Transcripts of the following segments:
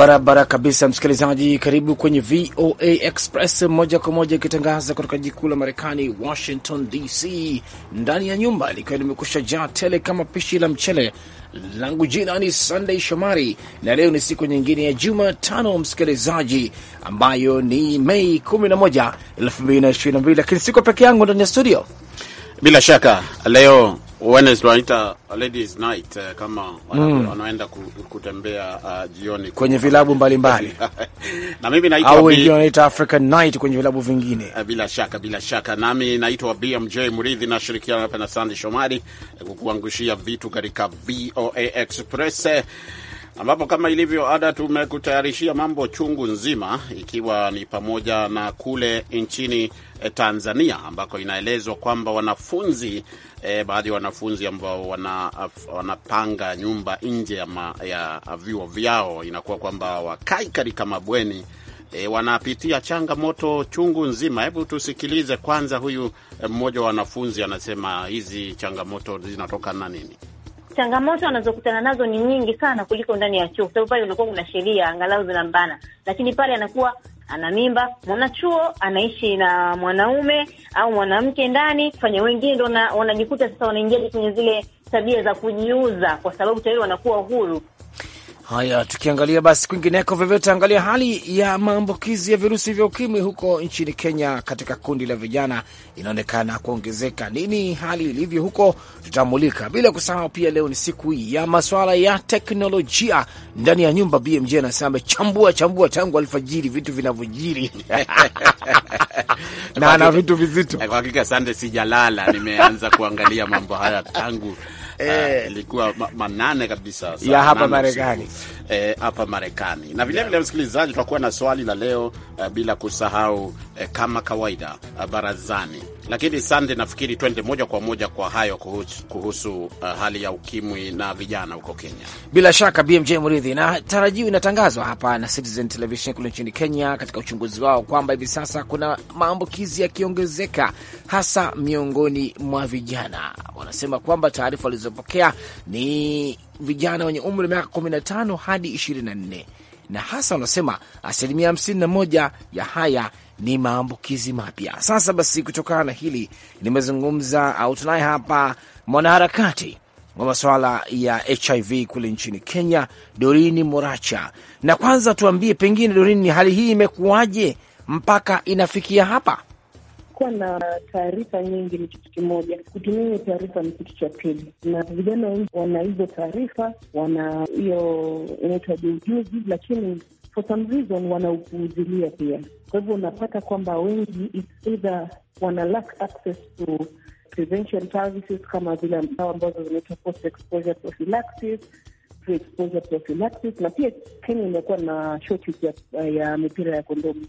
barabara kabisa, msikilizaji. Karibu kwenye VOA Express moja kwa moja, ikitangaza kutoka jiji kuu la Marekani, Washington DC, ndani ya nyumba likiwa limekusha jaa tele kama pishi la mchele langu. Jina ni Sunday Shomari na leo ni siku nyingine ya Jumatano, msikilizaji, ambayo ni Mei 11, 2022, lakini siko peke yangu ndani ya studio bila shaka leo Wednesday tunaita uh, ladies night uh, kama wanaenda mm. kutembea uh, jioni kwenye vilabu mbalimbali na mimi naitwa au wengine wanaita African night kwenye vilabu vingine. Uh, bila shaka, bila shaka, nami naitwa BMJ na nashirikiana hapa na Sandy Shomari kukuangushia vitu katika VOA Express ambapo kama ilivyo ada tumekutayarishia mambo chungu nzima, ikiwa ni pamoja na kule nchini eh, Tanzania ambako inaelezwa kwamba wanafunzi eh, baadhi ya wanafunzi ambao wana, wanapanga nyumba nje ya, ya vyuo vyao inakuwa kwamba wakai katika mabweni e, wanapitia changamoto chungu nzima. Hebu tusikilize kwanza, huyu eh, mmoja wa wanafunzi anasema hizi changamoto zinatokana na nini? changamoto anazokutana nazo ni nyingi sana kuliko ndani ya chuo, kwa sababu pale unakuwa kuna sheria angalau zinambana, lakini pale anakuwa ana mimba, mwanachuo anaishi na mwanaume au mwanamke ndani fanya, wengine ndo wanajikuta sasa wanaingia kwenye zile tabia za kujiuza, kwa sababu tayari wanakuwa huru Haya, tukiangalia basi kwingineko, vyovyote, taangalia hali ya maambukizi ya virusi vya ukimwi huko nchini Kenya. Katika kundi la vijana inaonekana kuongezeka. Nini hali ilivyo huko? Tutamulika bila kusahau pia, leo ni siku ya masuala ya teknolojia ndani ya nyumba. BMJ anasema amechambua chambua tangu alfajiri vitu vinavyojiri na ana vitu vizito. Kwa hakika, sande, sijalala, nimeanza kuangalia mambo haya tangu Eh, eh, ilikuwa eh, manane kabisa ya hapa Marekani eh, hapa Marekani na vilevile yeah. Msikilizaji, tutakuwa na swali la leo uh, bila kusahau uh, kama kawaida uh, barazani lakini sande, nafikiri twende moja kwa moja kwa hayo kuhusu, kuhusu uh, hali ya ukimwi na vijana huko Kenya. Bila shaka BMJ Mridhi, na tarajiu inatangazwa hapa na Citizen Television kule nchini Kenya katika uchunguzi wao kwamba hivi sasa kuna maambukizi yakiongezeka hasa miongoni mwa vijana. Wanasema kwamba taarifa walizopokea ni vijana wenye umri wa miaka 15 hadi 24 na hasa wanasema asilimia 51 ya haya ni maambukizi mapya. Sasa basi, kutokana na hili nimezungumza au tunaye hapa mwanaharakati wa masuala ya HIV kule nchini Kenya, Dorini Moracha. Na kwanza tuambie, pengine Dorini, hali hii imekuwaje mpaka inafikia hapa? kuwa na taarifa nyingi ni kitu kimoja, kutumia hiyo taarifa ni kitu cha pili. Na vijana wengi wana hizo taarifa, wana hiyo inaitwa ujuzi, lakini for some reason wanaupuuzilia pia. Kwa hivyo unapata kwamba wengi either wana lack access to prevention services kama vile dawa ambazo zinaitwa post exposure prophylaxis pre exposure prophylaxis, na pia Kenya imekuwa na shortage ya, ya mipira ya kondomu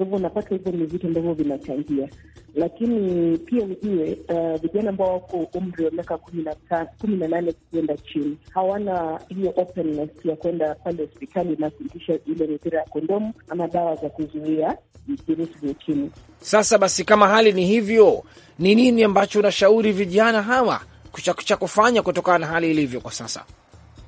kwa hivyo unapata hivyo ni vitu ambavyo vinachangia, lakini pia ujue uh, vijana ambao wako umri wa miaka kumi na nane kuenda chini hawana hiyo openness ya kwenda pale hospitali na kuitisha ile mipira ya kondomu ama dawa za kuzuia virusi vya ukimwi. Sasa basi, kama hali ni hivyo, ni nini ambacho unashauri vijana hawa kuchakucha kufanya kutokana na hali ilivyo kwa sasa?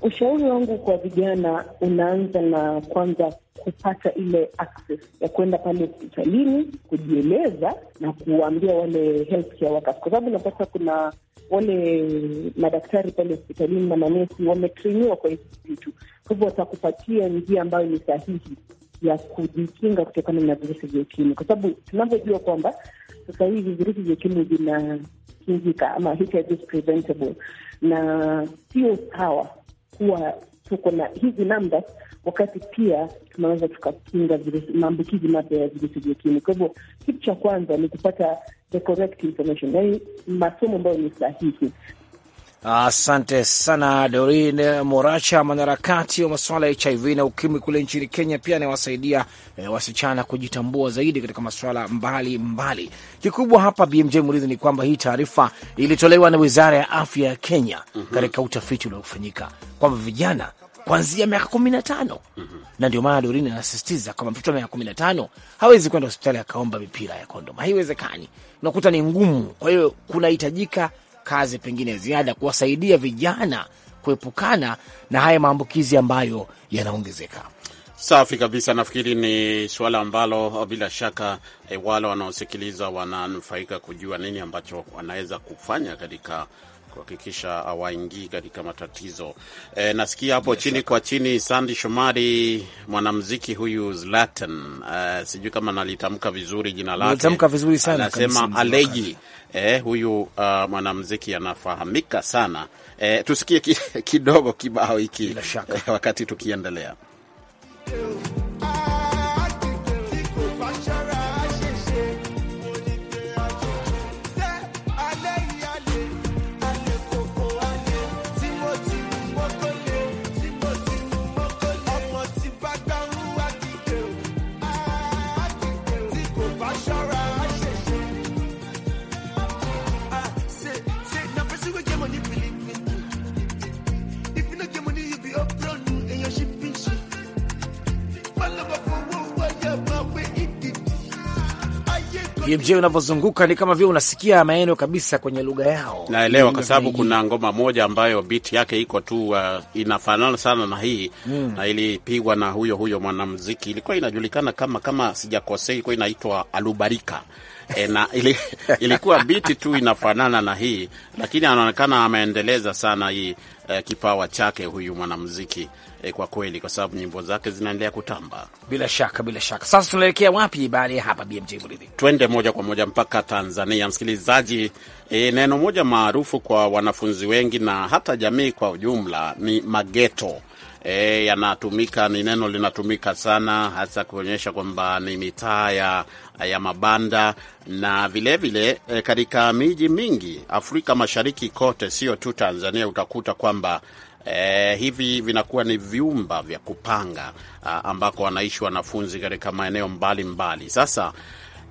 Ushauri wangu kwa vijana unaanza na kwanza kupata ile access ya kwenda pale hospitalini kujieleza na kuwaambia wale healthcare workers, kwa sababu unapata kuna wale madaktari pale hospitalini na manesi wametrainiwa kwa hizi vitu, kwa hivyo watakupatia njia ambayo ni sahihi ya kujikinga kutokana na virusi vya ukimwi, kwa sababu tunavyojua kwamba sasa hivi virusi vya ukimwi vinakingika ama HIV preventable, na sio sawa kuwa tuko na hizi namba, wakati pia tunaweza tukakinga maambukizi mapya ya virusi vya ukimwi. Kwa hivyo kitu cha kwanza ni kupata the correct information, yaani masomo ambayo ni sahihi, Asante sana dorin Moracha, mwanaharakati wa masuala ya HIV na ukimwi kule nchini Kenya. Pia anawasaidia eh, wasichana kujitambua zaidi katika masuala mbalimbali. Kikubwa hapa BMJ Murithi ni kwamba hii taarifa ilitolewa na wizara ya afya ya Kenya mm -hmm. katika utafiti uliofanyika kwamba vijana kuanzia miaka kumi na tano mm -hmm. na ndio maana Dorin anasisitiza kwamba mtoto wa miaka kumi na tano hawezi kwenda hospitali akaomba mipira ya kondom, haiwezekani, unakuta ni ngumu. Kwa hiyo kunahitajika kazi pengine ya ziada kuwasaidia vijana kuepukana na haya maambukizi ambayo yanaongezeka. Safi kabisa. Nafikiri ni suala ambalo bila shaka e, wale wanaosikiliza wananufaika kujua nini ambacho wanaweza kufanya katika kuhakikisha hawaingii katika matatizo e, nasikia hapo yes, chini Kwa chini Sandi Shomari, mwanamziki huyu Zlatan, e, sijui kama nalitamka vizuri jina lake, anasema aleji e, eh, huyu uh, mwanamziki anafahamika sana e, tusikie kidogo kibao hiki wakati tukiendelea BMJ unavyozunguka ni kama vile unasikia maeneo kabisa kwenye lugha yao. Naelewa kwa sababu kuna ngoma moja ambayo beat yake iko tu uh, inafanana sana na hii mm, na ilipigwa na huyo huyo mwanamuziki, ilikuwa inajulikana kama kama sijakosea, ilikuwa inaitwa Alubarika. E, na ili, ilikuwa biti tu inafanana na hii, lakini anaonekana ameendeleza sana hii eh, kipawa chake huyu mwanamuziki eh, kwa kweli, kwa sababu nyimbo zake zinaendelea kutamba bila shaka, bila shaka. Sasa tunaelekea wapi baada ya hapa, BMJ Mridhi? Twende moja kwa moja mpaka Tanzania, msikilizaji. Eh, neno moja maarufu kwa wanafunzi wengi na hata jamii kwa ujumla ni mageto e, yanatumika ni neno linatumika sana hasa kuonyesha kwamba ni mitaa ya, ya mabanda na vilevile vile, e, katika miji mingi Afrika Mashariki kote, sio tu Tanzania, utakuta kwamba e, hivi vinakuwa ni vyumba vya kupanga a, ah, ambako wanaishi wanafunzi katika maeneo mbalimbali mbali. Sasa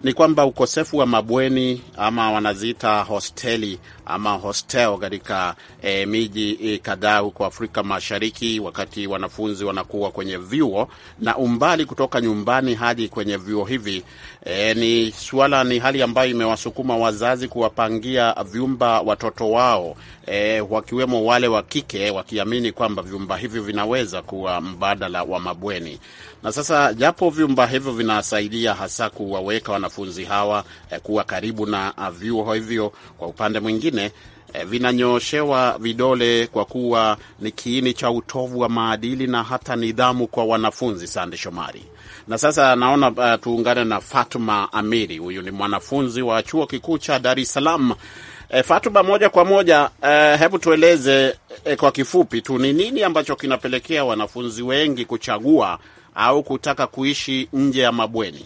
ni kwamba ukosefu wa mabweni ama wanaziita hosteli ama hostel katika e, miji eh, kadhaa huko Afrika Mashariki, wakati wanafunzi wanakuwa kwenye vyuo na umbali kutoka nyumbani hadi kwenye vyuo hivi e, ni swala, ni hali ambayo imewasukuma wazazi kuwapangia vyumba watoto wao e, wakiwemo wale wa kike, wakiamini kwamba vyumba hivi vinaweza kuwa mbadala wa mabweni. Na sasa japo vyumba hivyo vinasaidia hasa kuwaweka wanafunzi hawa e, kuwa karibu na ah, vyuo hivyo, kwa upande mwingine vingine eh, vinanyoshewa vidole kwa kuwa ni kiini cha utovu wa maadili na hata nidhamu kwa wanafunzi. Sande Shomari. Na sasa naona uh, tuungane na Fatuma Amiri. Huyu ni mwanafunzi wa chuo kikuu cha Dar es Salaam. E, Fatuma, moja kwa moja, e, hebu tueleze e, kwa kifupi tu ni nini ambacho kinapelekea wanafunzi wengi kuchagua au kutaka kuishi nje ya mabweni?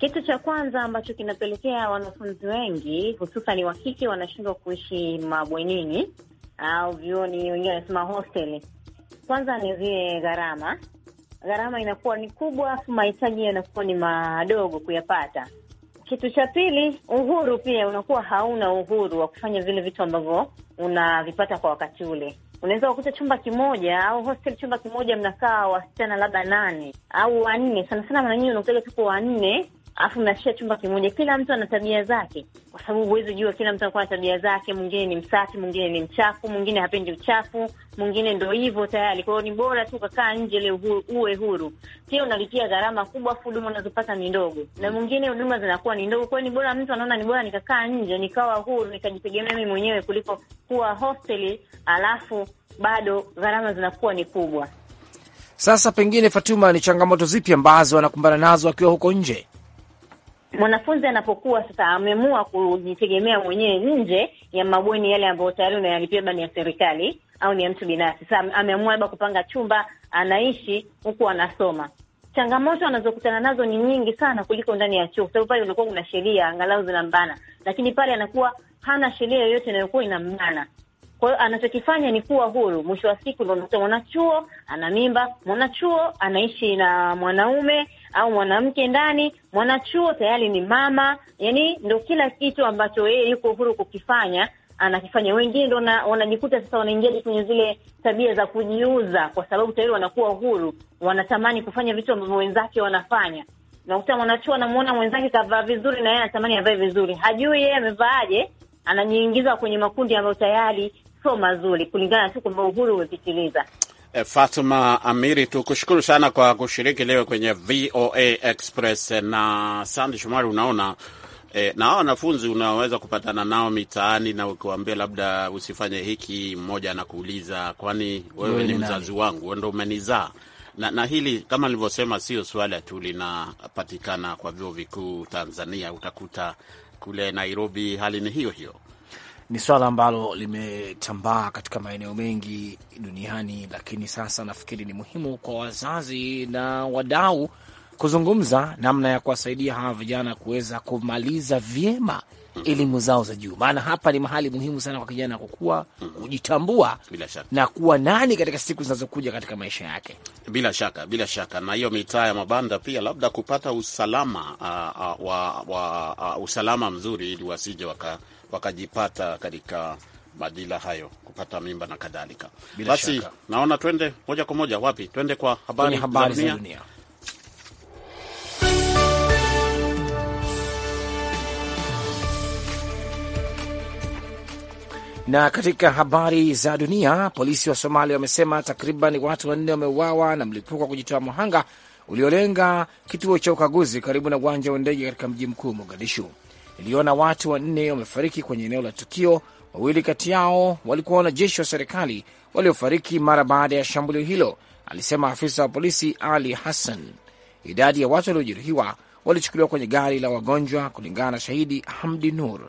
Kitu cha kwanza ambacho kinapelekea wanafunzi wengi hususan wa kike wanashindwa kuishi mabwenini au vioni, wengine wanasema hosteli, kwanza ni zile gharama. Gharama inakuwa ni kubwa, afu mahitaji yanakuwa ni madogo kuyapata. Kitu cha pili, uhuru pia unakuwa hauna uhuru wa kufanya vile vitu ambavyo unavipata kwa wakati ule. Unaweza kukuta chumba kimoja au hostel chumba kimoja mnakaa wasichana labda nane au wanne, sana sana mara nyingi unakuta tuko wanne alafu mnashia chumba kimoja, kila mtu ana tabia zake, kwa sababu huwezi jua, kila mtu anakuwa na tabia zake. Mwingine ni msafi, mwingine ni mchafu, mwingine hapendi uchafu, mwingine ndo hivyo tayari. Kwa hiyo ni bora tu ukakaa nje, le uwe huru. Pia unalipia gharama kubwa, afu huduma unazopata ni ndogo, na mwingine huduma zinakuwa ni ndogo. Kwa hiyo ni bora, mtu anaona ni bora nikakaa nje, nikawa huru, nikajitegemea mimi mwenyewe kuliko kuwa hosteli, alafu bado gharama zinakuwa ni kubwa. Sasa pengine, Fatuma, ni changamoto zipi ambazo wanakumbana nazo wakiwa huko nje? mwanafunzi anapokuwa sasa ameamua kujitegemea mwenyewe nje ya mabweni yale ambayo tayari unayalipia labda ni ya serikali au ni ya mtu binafsi. Sasa ameamua labda kupanga chumba, anaishi huku anasoma. Changamoto anazokutana nazo ni nyingi sana kuliko ndani ya chuo, kwa sababu pale unakuwa kuna sheria angalau zinambana, lakini pale anakuwa hana sheria yoyote inayokuwa inambana. Kwa hiyo anachokifanya ni kuwa huru. Mwisho wa siku ndo unakuta mwanachuo ana mimba, mwanachuo anaishi na mwanaume au mwanamke ndani, mwanachuo tayari ni mama, yani ndo kila kitu ambacho yeye yuko huru kukifanya anakifanya. Wengine ndo wanajikuta sasa wanaingia kwenye zile tabia za kujiuza, kwa sababu tayari wanakuwa huru, wanatamani kufanya vitu ambavyo wenzake wanafanya. Nakuta mwanachuo anamuona mwenzake kavaa vizuri, na yeye anatamani avae vizuri, hajui yeye amevaaje, anajiingiza kwenye makundi ambayo tayari sio mazuri, kulingana tu kwamba uhuru umepitiliza. Eh, Fatuma Amiri, tukushukuru sana kwa kushiriki leo kwenye VOA Express. Na Sandi Shomari, unaona e, na hawa wanafunzi unaweza kupatana nao mitaani na ukiwambia labda usifanye hiki, mmoja anakuuliza kwani wewe ni mzazi wangu, ndo umenizaa na, na hili kama nilivyosema sio swala tu linapatikana kwa vyuo vikuu Tanzania. Utakuta kule Nairobi hali ni hiyo hiyo ni swala ambalo limetambaa katika maeneo mengi duniani, lakini sasa nafikiri ni muhimu kwa wazazi na wadau kuzungumza namna ya kuwasaidia hawa vijana kuweza kumaliza vyema elimu zao za juu, maana hapa ni mahali muhimu sana kwa kijana kukua, kujitambua na kuwa nani katika siku zinazokuja katika maisha yake. Bila shaka, bila shaka. Na hiyo mitaa ya mabanda pia labda kupata usalama uh, uh, wa, wa, uh, usalama mzuri ili wasije waka wakajipata katika madila hayo kupata mimba na kadhalika. Basi shaka, naona twende moja kwa moja wapi? Twende kwa habari, habari za dunia. Na katika habari za dunia, polisi wa Somalia wamesema takriban watu wanne wameuawa na mlipuko wa kujitoa muhanga uliolenga kituo cha ukaguzi karibu na uwanja wa ndege katika mji mkuu Mogadishu iliona watu wanne wamefariki kwenye eneo la tukio. Wawili kati yao walikuwa wanajeshi wa serikali waliofariki mara baada ya shambulio hilo, alisema afisa wa polisi Ali Hassan. Idadi ya watu waliojeruhiwa walichukuliwa kwenye gari la wagonjwa, kulingana na shahidi Hamdi Nur.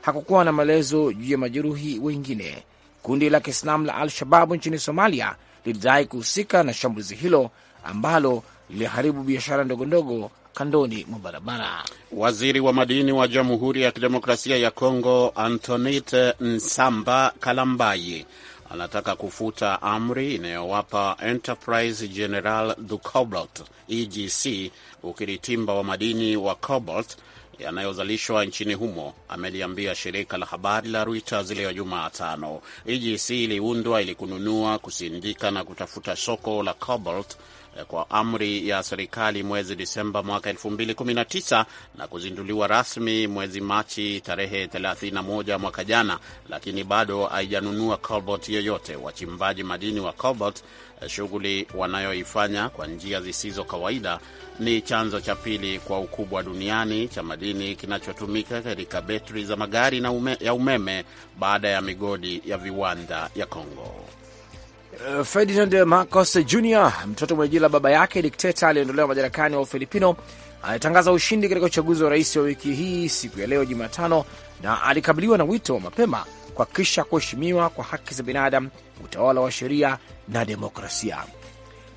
Hakukuwa na maelezo juu ya majeruhi wengine. Kundi la Kiislamu la Al-Shababu nchini Somalia lilidai kuhusika na shambulizi hilo ambalo liliharibu biashara ndogondogo kandoni mwa barabara. Waziri wa madini wa Jamhuri ya Kidemokrasia ya Kongo Antonite Nsamba Kalambayi anataka kufuta amri inayowapa Enterprise General du Cobalt EGC ukiritimba wa madini wa cobalt yanayozalishwa nchini humo, ameliambia shirika la habari la Reuters leo Jumatano. EGC iliundwa ili kununua, kusindika na kutafuta soko la cobalt Eh, kwa amri ya serikali mwezi Disemba mwaka 2019 na kuzinduliwa rasmi mwezi Machi tarehe 31 mwaka jana, lakini bado haijanunua cobalt yoyote. Wachimbaji madini wa cobalt, eh, shughuli wanayoifanya kwa njia zisizo kawaida, ni chanzo cha pili kwa ukubwa duniani cha madini kinachotumika katika betri za magari na ume, ya umeme baada ya migodi ya viwanda ya Kongo. Eh, Ferdinand Marcos Jr, mtoto mwenye jina la baba yake dikteta aliyeondolewa madarakani wa Ufilipino, alitangaza ushindi katika uchaguzi wa rais wa wiki hii siku ya leo Jumatano, na alikabiliwa na wito wa mapema kuhakikisha kuheshimiwa kwa haki za binadamu, utawala wa sheria na demokrasia.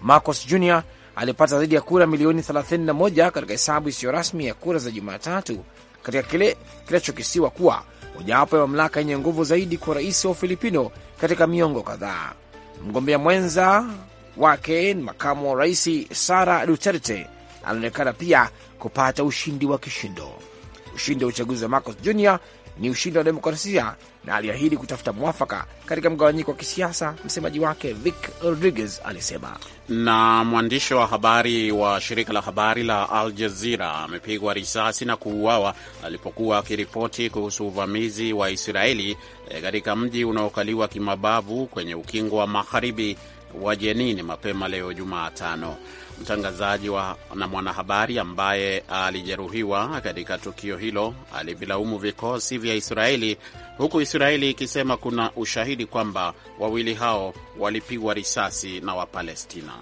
Marcos Jr alipata zaidi ya kura milioni 31 katika hesabu isiyo rasmi ya kura za Jumatatu katika kile kinachokisiwa kuwa mojawapo ya mamlaka yenye nguvu zaidi kwa rais wa Ufilipino katika miongo kadhaa. Mgombea mwenza wake makamu wa rais Sara Duterte anaonekana pia kupata ushindi wa kishindo. Ushindi wa uchaguzi wa Marcos Jr ni ushindi wa demokrasia na aliahidi kutafuta mwafaka katika mgawanyiko wa kisiasa. Msemaji wake Vic Rodriguez alisema. Na mwandishi wa habari wa shirika la habari la Al Jazira amepigwa risasi na kuuawa alipokuwa akiripoti kuhusu uvamizi wa Israeli eh, katika mji unaokaliwa kimabavu kwenye ukingo wa magharibi Wajenini mapema leo Jumatano. Mtangazaji wa na mwanahabari ambaye alijeruhiwa katika tukio hilo alivilaumu vikosi vya Israeli, huku Israeli ikisema kuna ushahidi kwamba wawili hao walipigwa risasi na Wapalestina.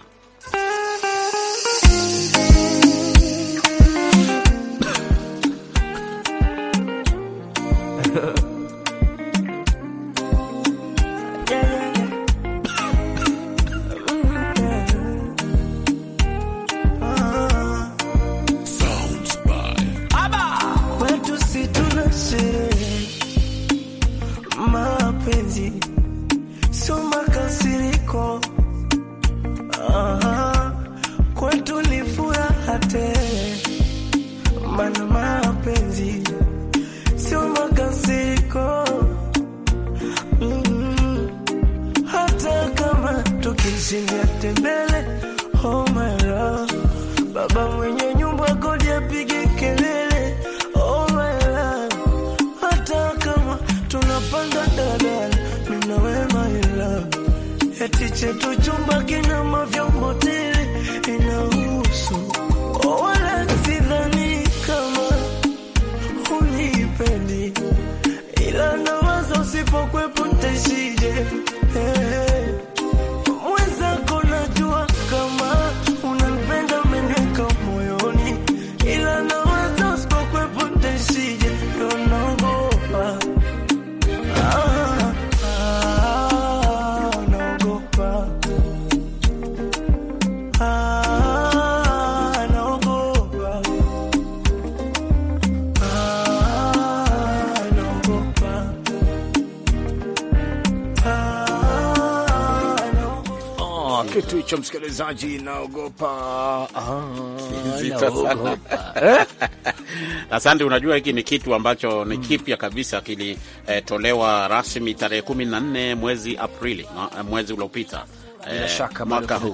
in kitu hicho msikilizaji, naogopa ah, asante. Unajua, hiki ni kitu ambacho ni mm. kipya kabisa, kilitolewa eh, rasmi tarehe kumi na nne mwezi Aprili mwezi uliopita eh, mwaka huu,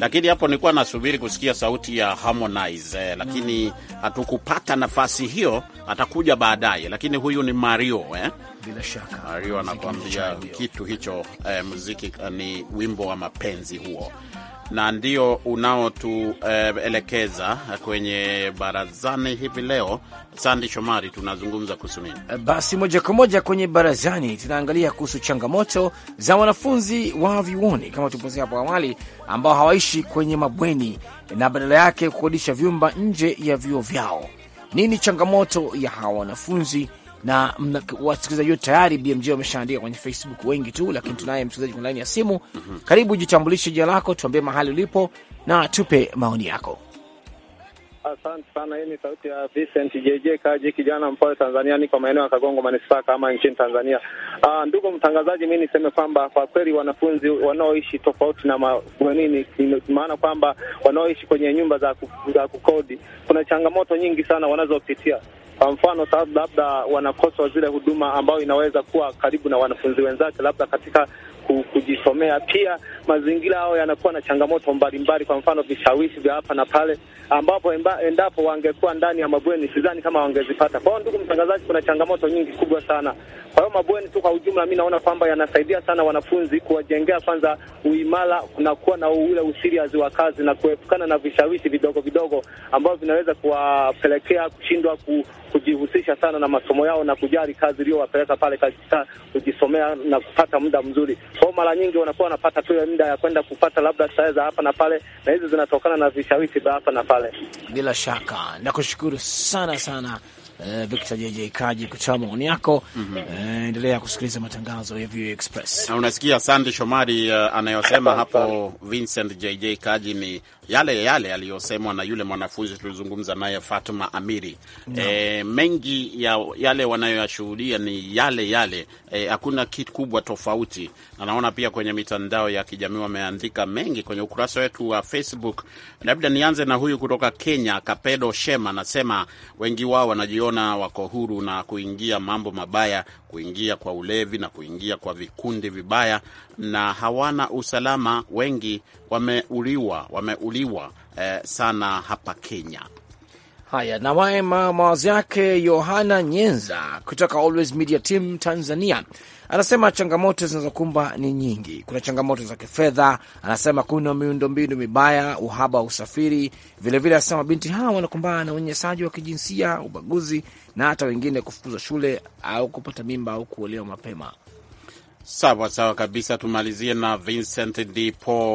lakini hapo nilikuwa nasubiri kusikia sauti ya Harmonize eh, lakini mm. hatukupata nafasi hiyo. Atakuja baadaye, lakini huyu ni Mario eh bila shaka Mario anakuambia kitu hicho eh, muziki ni wimbo wa mapenzi huo, na ndio unaotuelekeza eh, kwenye barazani hivi leo. Sandi Shomari, tunazungumza kuhusu nini? Eh, basi moja kwa moja kwenye barazani tunaangalia kuhusu changamoto za wanafunzi wa vyuoni, kama tuliposema hapo awali, ambao hawaishi kwenye mabweni na badala yake kukodisha vyumba nje ya vyuo vyao. Nini changamoto ya hawa wanafunzi na wasikilizaji wetu tayari BMJ wameshaandika kwenye Facebook wengi tu, lakini tunaye msikilizaji kwenye laini ya simu. Mhm. Karibu, jitambulishe jina lako, tuambie mahali ulipo na tupe maoni yako. Asante sana. Hii ni sauti ya Vincent JJ Kaji, kijana mpole Tanzania, niko maeneo ya Kagongo manispaa kama nchini Tanzania. Aa, ah, ndugu mtangazaji, mi niseme kwamba kwa kweli wanafunzi wanaoishi tofauti na ma, nini, maana kwamba wanaoishi kwenye nyumba za, za kukodi, kuna changamoto nyingi sana wanazopitia kwa mfano sababu labda wanakoswa zile huduma ambayo inaweza kuwa karibu na wanafunzi wenzake, labda katika kujisomea. Pia mazingira hayo yanakuwa na changamoto mbalimbali, kwa mfano vishawishi vya hapa na pale, ambapo endapo wangekuwa ndani ya mabweni sidhani kama wangezipata. Kwa hiyo, ndugu mtangazaji, kuna changamoto nyingi kubwa sana. Kwa hiyo mabweni tu kwa ujumla, mi naona kwamba yanasaidia sana wanafunzi kuwajengea kwanza uimara na kuwa na ule usiriazi wa kazi na kuepukana na vishawishi vidogo vidogo ambavyo vinaweza kuwapelekea kushindwa ku kujihusisha sana na masomo yao na kujali kazi iliyowapeleka pale katika kujisomea na kupata muda mzuri kwao. Mara nyingi wanakuwa wanapata tu muda ya kwenda kupata labda starehe za hapa na pale, na hizi zinatokana na vishawishi vya hapa na pale. Bila shaka nakushukuru sana sana. Uh, Victor JJ Kaji kutoa maoni yako. mm -hmm. Uh, endelea kusikiliza matangazo ya VOA Express. Na unasikia Sandy Shomari uh, anayosema hapo Vincent JJ Kaji ni yale yale yaliyosemwa na yule mwanafunzi tulizungumza naye Fatuma Amiri no. E, eh, mengi ya yale wanayoyashuhudia ni yale yale, eh, hakuna e, kitu kubwa tofauti, na naona pia kwenye mitandao ya kijamii wameandika mengi kwenye ukurasa wetu wa Facebook. Labda nianze na huyu kutoka Kenya, Kapedo Shema, anasema wengi wao wanajiona wako huru na kuingia mambo mabaya, kuingia kwa ulevi na kuingia kwa vikundi vibaya, na hawana usalama, wengi wameuliwa wame kuchukuliwa eh, sana hapa Kenya. Haya, na wae mawazo yake Yohana Nyenza kutoka Always Media Team Tanzania anasema changamoto zinazokumba ni nyingi. Kuna changamoto za kifedha, anasema kuna miundombinu mibaya, uhaba wa usafiri. Vilevile anasema binti hawa wanakumbana na unyenyesaji wa kijinsia, ubaguzi na hata wengine kufukuzwa shule au kupata mimba au kuolewa mapema. Sawa sawa kabisa. Tumalizie na Vincent D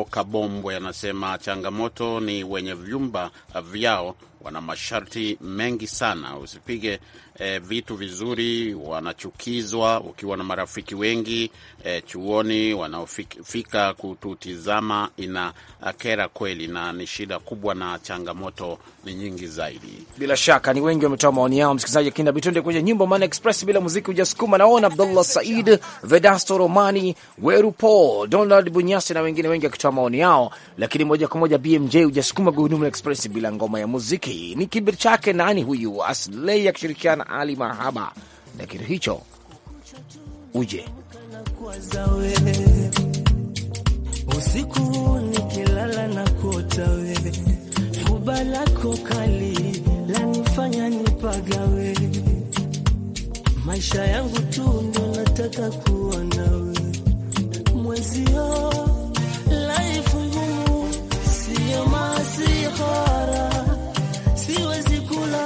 Kabombwe, anasema changamoto ni wenye vyumba vyao wana masharti mengi sana. Usipige e, vitu vizuri, wanachukizwa. Ukiwa na marafiki wengi e, chuoni wanaofika kututizama, ina ah, kera kweli, na ni shida kubwa na changamoto ni nyingi zaidi. Bila shaka ni wengi wametoa maoni yao, msikilizaji. Lakini nabidi tuende kwenye nyimbo, maana express bila muziki hujasukuma. Naona Abdullah Said, Vedasto Romani, Weru Paul, Donald Bunyasi na wengine wengi wakitoa maoni yao, lakini moja kwa moja BMJ hujasukuma gurudumu express bila ngoma ya muziki. Aslei ni kibir chake nani huyu Aslei akishirikiana Ali Mahaba na kitu hicho uje usiku nikilala na kuota wewe, fuba lako kali lanifanya maisha yangu tu nataka kuwa nawe mwezio, ngumu masihara siwezi kula,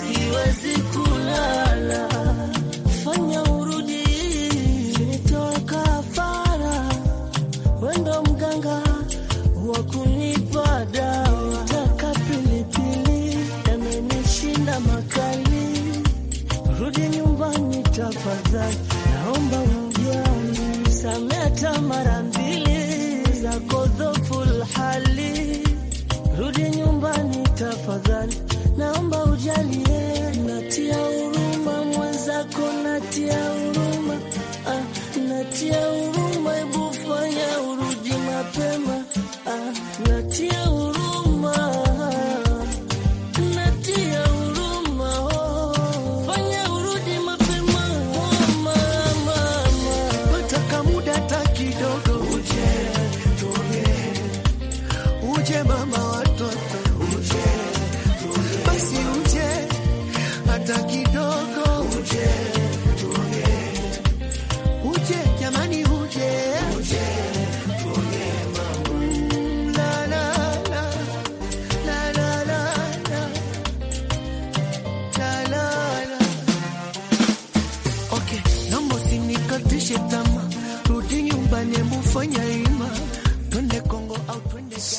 siwezi kulala, fanya urudi, nitoe kafara, wendo mganga wa kunipa dawa, taka pilipili yamenishinda makali, rudi nyumbani tafadhali.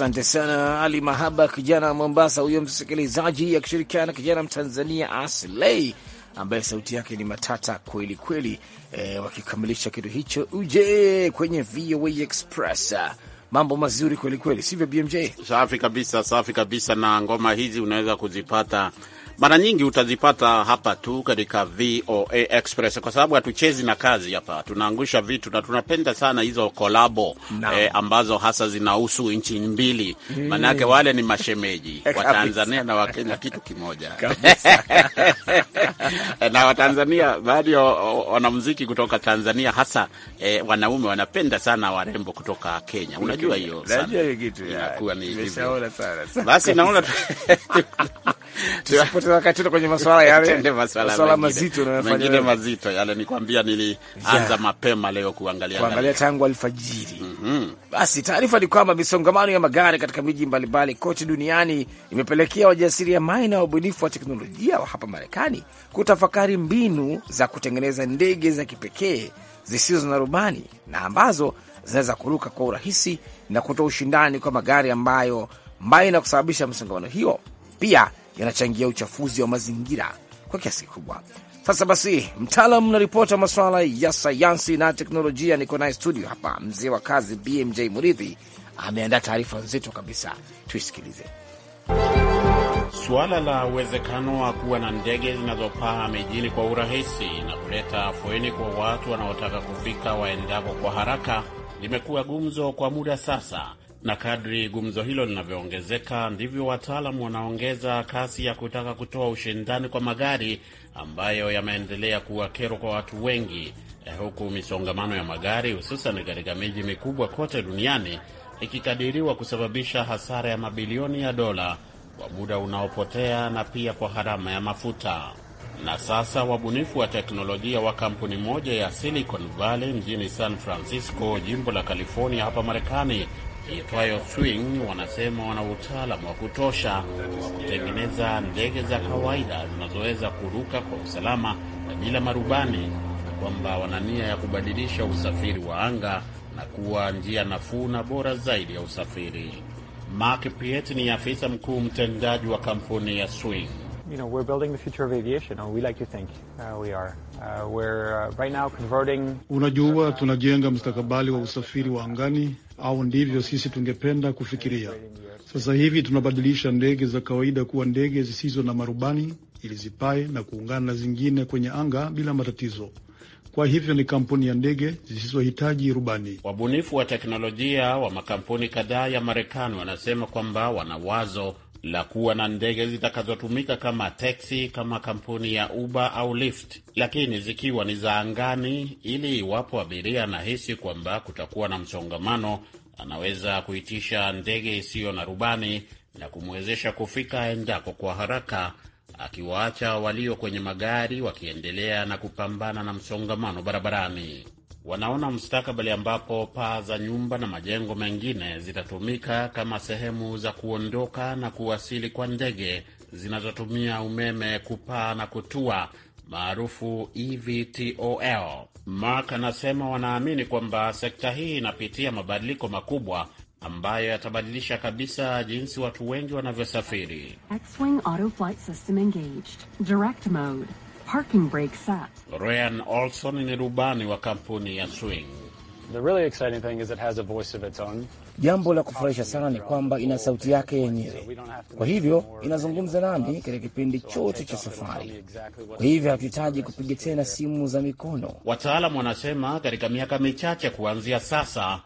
Asante sana Ali Mahaba, kijana wa Mombasa huyo msikilizaji, akishirikiana na kijana Mtanzania Aslei ambaye sauti yake ni matata kweli kweli. E, wakikamilisha kitu hicho uje kwenye VOA Express. Mambo mazuri kweli kweli, sivyo BMJ? Safi kabisa, safi kabisa. Na ngoma hizi unaweza kuzipata mara nyingi utazipata hapa tu katika VOA Express, kwa sababu hatuchezi na kazi hapa, tunaangusha vitu na tunapenda sana hizo kolabo no. eh, ambazo hasa zinahusu nchi mbili hmm. Manake wale ni mashemeji Watanzania na Wakenya kitu kimoja na Watanzania, baadhi ya wanamuziki kutoka Tanzania hasa eh, wanaume wanapenda sana warembo kutoka Kenya. Unajua hiyo inakuwa ni hivyo basi, naona tena katena kwenye maswala yale maswala mazito mengine mazito yale. Nikwambia nilianza mapema leo kuangalia kuangalia tangu alfajiri. mm -hmm. Basi taarifa ni kwamba misongamano ya magari katika miji mbalimbali kote duniani imepelekea wajasiriamali na wabunifu wa teknolojia wa hapa Marekani kutafakari mbinu za kutengeneza ndege za kipekee zisizo na rubani na ambazo zinaweza kuruka kwa urahisi na kutoa ushindani kwa magari ambayo mbali na kusababisha msongamano hiyo pia yanachangia uchafuzi wa mazingira kwa kiasi kikubwa. Sasa basi, mtaalam na ripota masuala ya sayansi na teknolojia, niko naye studio hapa, mzee wa kazi BMJ Muridhi ameandaa taarifa nzito kabisa, tuisikilize. Suala la uwezekano wa kuwa na ndege zinazopaa mijini kwa urahisi na kuleta afueni kwa watu wanaotaka kufika waendako kwa haraka limekuwa gumzo kwa muda sasa, na kadri gumzo hilo linavyoongezeka ndivyo wataalamu wanaongeza kasi ya kutaka kutoa ushindani kwa magari ambayo yameendelea kuwa kero kwa watu wengi, eh, huku misongamano ya magari hususan katika miji mikubwa kote duniani ikikadiriwa kusababisha hasara ya mabilioni ya dola kwa muda unaopotea na pia kwa gharama ya mafuta. Na sasa wabunifu wa teknolojia wa kampuni moja ya Silicon Valley mjini San Francisco, jimbo la California hapa Marekani itwayo Swing wanasema wana utaalamu wa kutosha wa kutengeneza ndege za kawaida zinazoweza kuruka kwa usalama na bila marubani na kwamba wana nia ya kubadilisha usafiri wa anga na kuwa njia nafuu na bora zaidi ya usafiri. Mark Piet ni afisa mkuu mtendaji wa kampuni ya Swing you know, we're building the future of aviation, or we like to think uh, we are. Uh, we're, uh, right now converting... Unajua tunajenga mstakabali wa usafiri wa angani, au ndivyo sisi tungependa kufikiria. Sasa hivi tunabadilisha ndege za kawaida kuwa ndege zisizo na marubani ili zipae na kuungana na zingine kwenye anga bila matatizo. Kwa hivyo ni kampuni ya ndege zisizohitaji rubani. Wabunifu wa teknolojia wa makampuni kadhaa ya Marekani wanasema kwamba wana wazo la kuwa na ndege zitakazotumika kama teksi kama kampuni ya Uber au Lyft, lakini zikiwa ni za angani, ili iwapo abiria anahisi kwamba kutakuwa na msongamano, anaweza kuitisha ndege isiyo na rubani na kumwezesha kufika endako kwa haraka, akiwaacha walio kwenye magari wakiendelea na kupambana na msongamano barabarani wanaona mustakabali ambapo paa za nyumba na majengo mengine zitatumika kama sehemu za kuondoka na kuwasili kwa ndege zinazotumia umeme kupaa na kutua maarufu EVTOL. Mark anasema wanaamini kwamba sekta hii inapitia mabadiliko makubwa ambayo yatabadilisha kabisa jinsi watu wengi wanavyosafiri. Parking breaks up. Ryan Olson ni rubani wa kampuni ya Swing. The really exciting thing is it has a voice of its own. Jambo la kufurahisha sana ni kwamba ina sauti yake yenyewe, kwa hivyo inazungumza nami katika kipindi chote cha safari. Kwa hivyo hatuhitaji kupiga tena simu za mikono. Wataalamu wanasema katika miaka michache kuanzia sasa,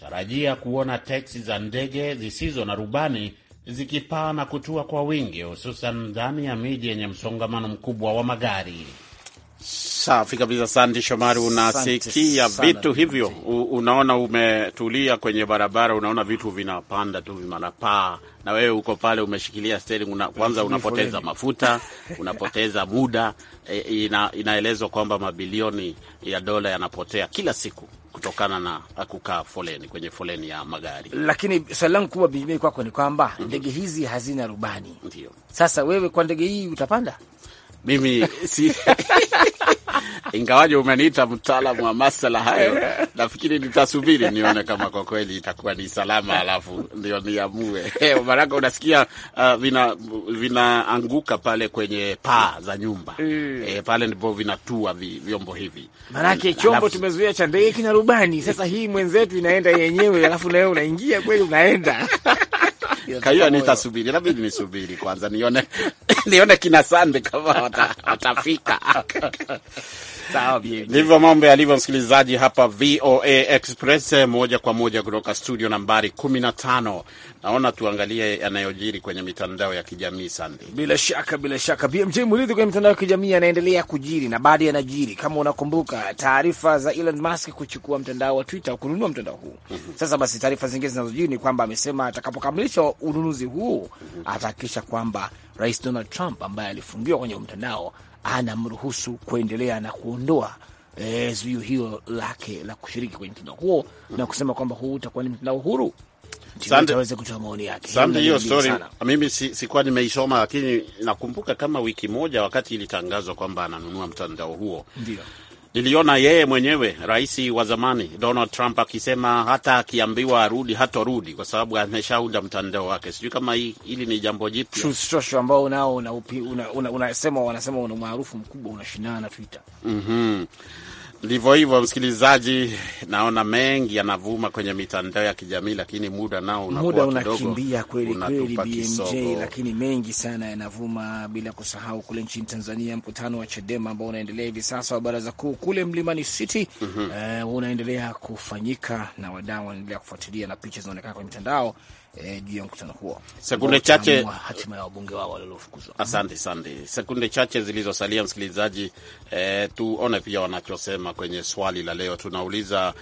tarajia kuona teksi za ndege zisizo na rubani zikipaa na kutua kwa wingi, hususan ndani ya miji yenye msongamano mkubwa wa magari. Safi kabisa, Sandi Shomari. Unasikia vitu hivyo, unaona umetulia kwenye barabara, unaona vitu vinapanda tu vinapaa, na wewe uko pale umeshikilia steering una, kwanza unapoteza mafuta unapoteza muda e, ina, inaelezwa kwamba mabilioni ya dola yanapotea kila siku kutokana na kukaa foleni kwenye foleni ya magari. Lakini swali langu kubwa BM kwako ni kwamba mm -hmm. ndege hizi hazina rubani. Ndio. Sasa wewe kwa ndege hii utapanda? mimi si ingawaje umeniita mtaalamu wa masala hayo, nafikiri nitasubiri nione kama kwa kweli itakuwa ni salama, alafu ndio niamue. Maanake unasikia uh, vina vinaanguka pale kwenye paa za nyumba mm. E, pale ndipo vinatua vi, vyombo hivi maanake chombo alafu... tumezuia cha ndege kina rubani. Sasa hii mwenzetu inaenda yenyewe, alafu nawe unaingia kweli, unaenda Kwa hiyo nitasubiri, labidi nisubiri kwanza nione nione kina Sande kama watafika. Ndivyo mambo yalivyo, msikilizaji, hapa VOA Express moja kwa moja kutoka studio nambari 15. Naona tuangalie yanayojiri kwenye mitandao ya kijamii Sande. Bila shaka, bila shaka BMJ Muridhi kwenye mitandao ya kijamii anaendelea kujiri na baada yanajiri, kama unakumbuka taarifa za Elon Musk kuchukua mtandao wa Twitter, kununua mtandao huu. Mhm. Sasa basi, taarifa zingine zinazojiri ni kwamba amesema atakapokamilisha wa ununuzi huu atahakikisha kwamba Rais Donald Trump ambaye alifungiwa kwenye mtandao anamruhusu kuendelea na kuondoa eh, zuio hiyo lake la kushiriki kwenye mtandao huo na kusema kwamba huu utakuwa ni mtandao huru. Hiyo story mimi sikuwa si nimeisoma, lakini nakumbuka kama wiki moja wakati ilitangazwa kwamba ananunua mtandao huo. Niliona yeye mwenyewe rais wa zamani Donald Trump akisema hata akiambiwa arudi hatorudi kwa sababu ameshaunda mtandao wake. Sijui kama hili ni jambo jipya ambao nao unasema wanasema una umaarufu mkubwa, unashindana na Twitter. mm -hmm. Ndivyo hivyo, msikilizaji, naona mengi yanavuma kwenye mitandao ya kijamii, lakini muda nao unakuwa unakimbia kweli kweli, BMJ, lakini mengi sana yanavuma, bila kusahau kule nchini Tanzania, mkutano wa Chadema ambao unaendelea hivi sasa wa baraza kuu kule Mlimani City mm -hmm. Uh, unaendelea kufanyika na wadau wanaendelea kufuatilia na picha zinaonekana kwenye mitandao eh, juu ya mkutano huo. Sekunde chache hatima ya wabunge wao waliofukuzwa. Asante sande. Sekunde chache zilizosalia, msikilizaji, eh, tuone pia wanachosema kwenye swali la leo. Tunauliza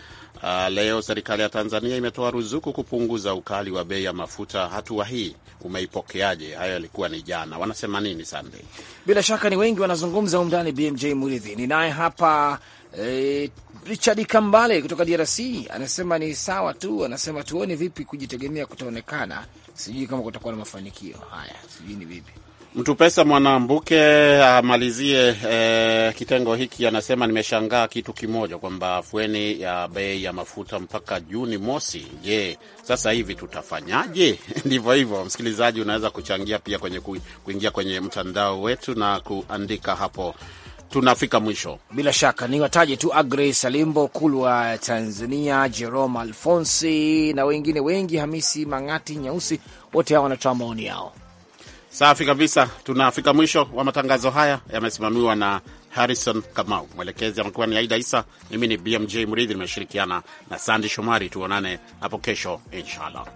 uh, leo serikali ya Tanzania imetoa ruzuku kupunguza ukali wa bei ya mafuta. Hatua hii umeipokeaje? Hayo yalikuwa ni jana. Wanasema nini? Sande, bila shaka ni wengi wanazungumza umndani. BMJ Muridhi ni naye hapa E, Richard Kambale kutoka DRC anasema ni sawa tu, anasema tuone vipi kujitegemea kutaonekana, sijui kama kutakuwa na mafanikio haya, sijui ni vipi. Mtu pesa Mwanambuke amalizie eh, kitengo hiki, anasema nimeshangaa kitu kimoja kwamba afueni ya bei ya mafuta mpaka Juni mosi. Je, sasa hivi tutafanyaje? Ndivyo hivyo, msikilizaji, unaweza kuchangia pia kwenye kuingia kwenye mtandao wetu na kuandika hapo tunafika mwisho. Bila shaka ni wataje tu Agre Salimbo wa Tanzania, Jerome Alfonsi na wengine wengi, Hamisi Mang'ati Nyeusi, wote hao wanatoa maoni yao. Safi kabisa, tunafika mwisho wa matangazo haya, yamesimamiwa na Harrison Kamau, mwelekezi amekuwa ni Aida Isa, mimi ni BMJ Mridhi, nimeshirikiana na Sandi Shomari. Tuonane hapo kesho inshallah.